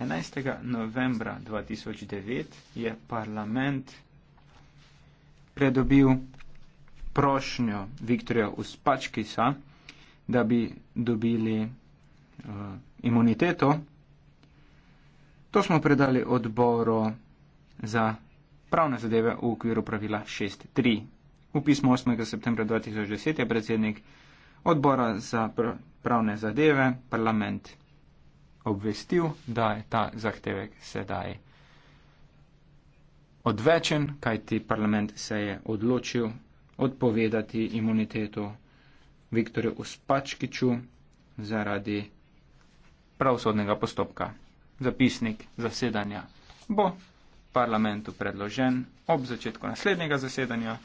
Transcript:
11. novembra 2009 je parlament predobil prošnjo Viktorja Uspačkisa, da bi dobili uh, imuniteto. To smo predali odboru za pravne zadeve v okviru pravila 6.3. V pismu 8. septembra 2010 je predsednik odbora za pravne zadeve parlament obvestil, da je ta zahtevek sedaj odvečen, kajti parlament se je odločil odpovedati imuniteto Viktorju Uspačkiču zaradi pravosodnega postopka. Zapisnik zasedanja bo parlamentu predložen ob začetku naslednjega zasedanja.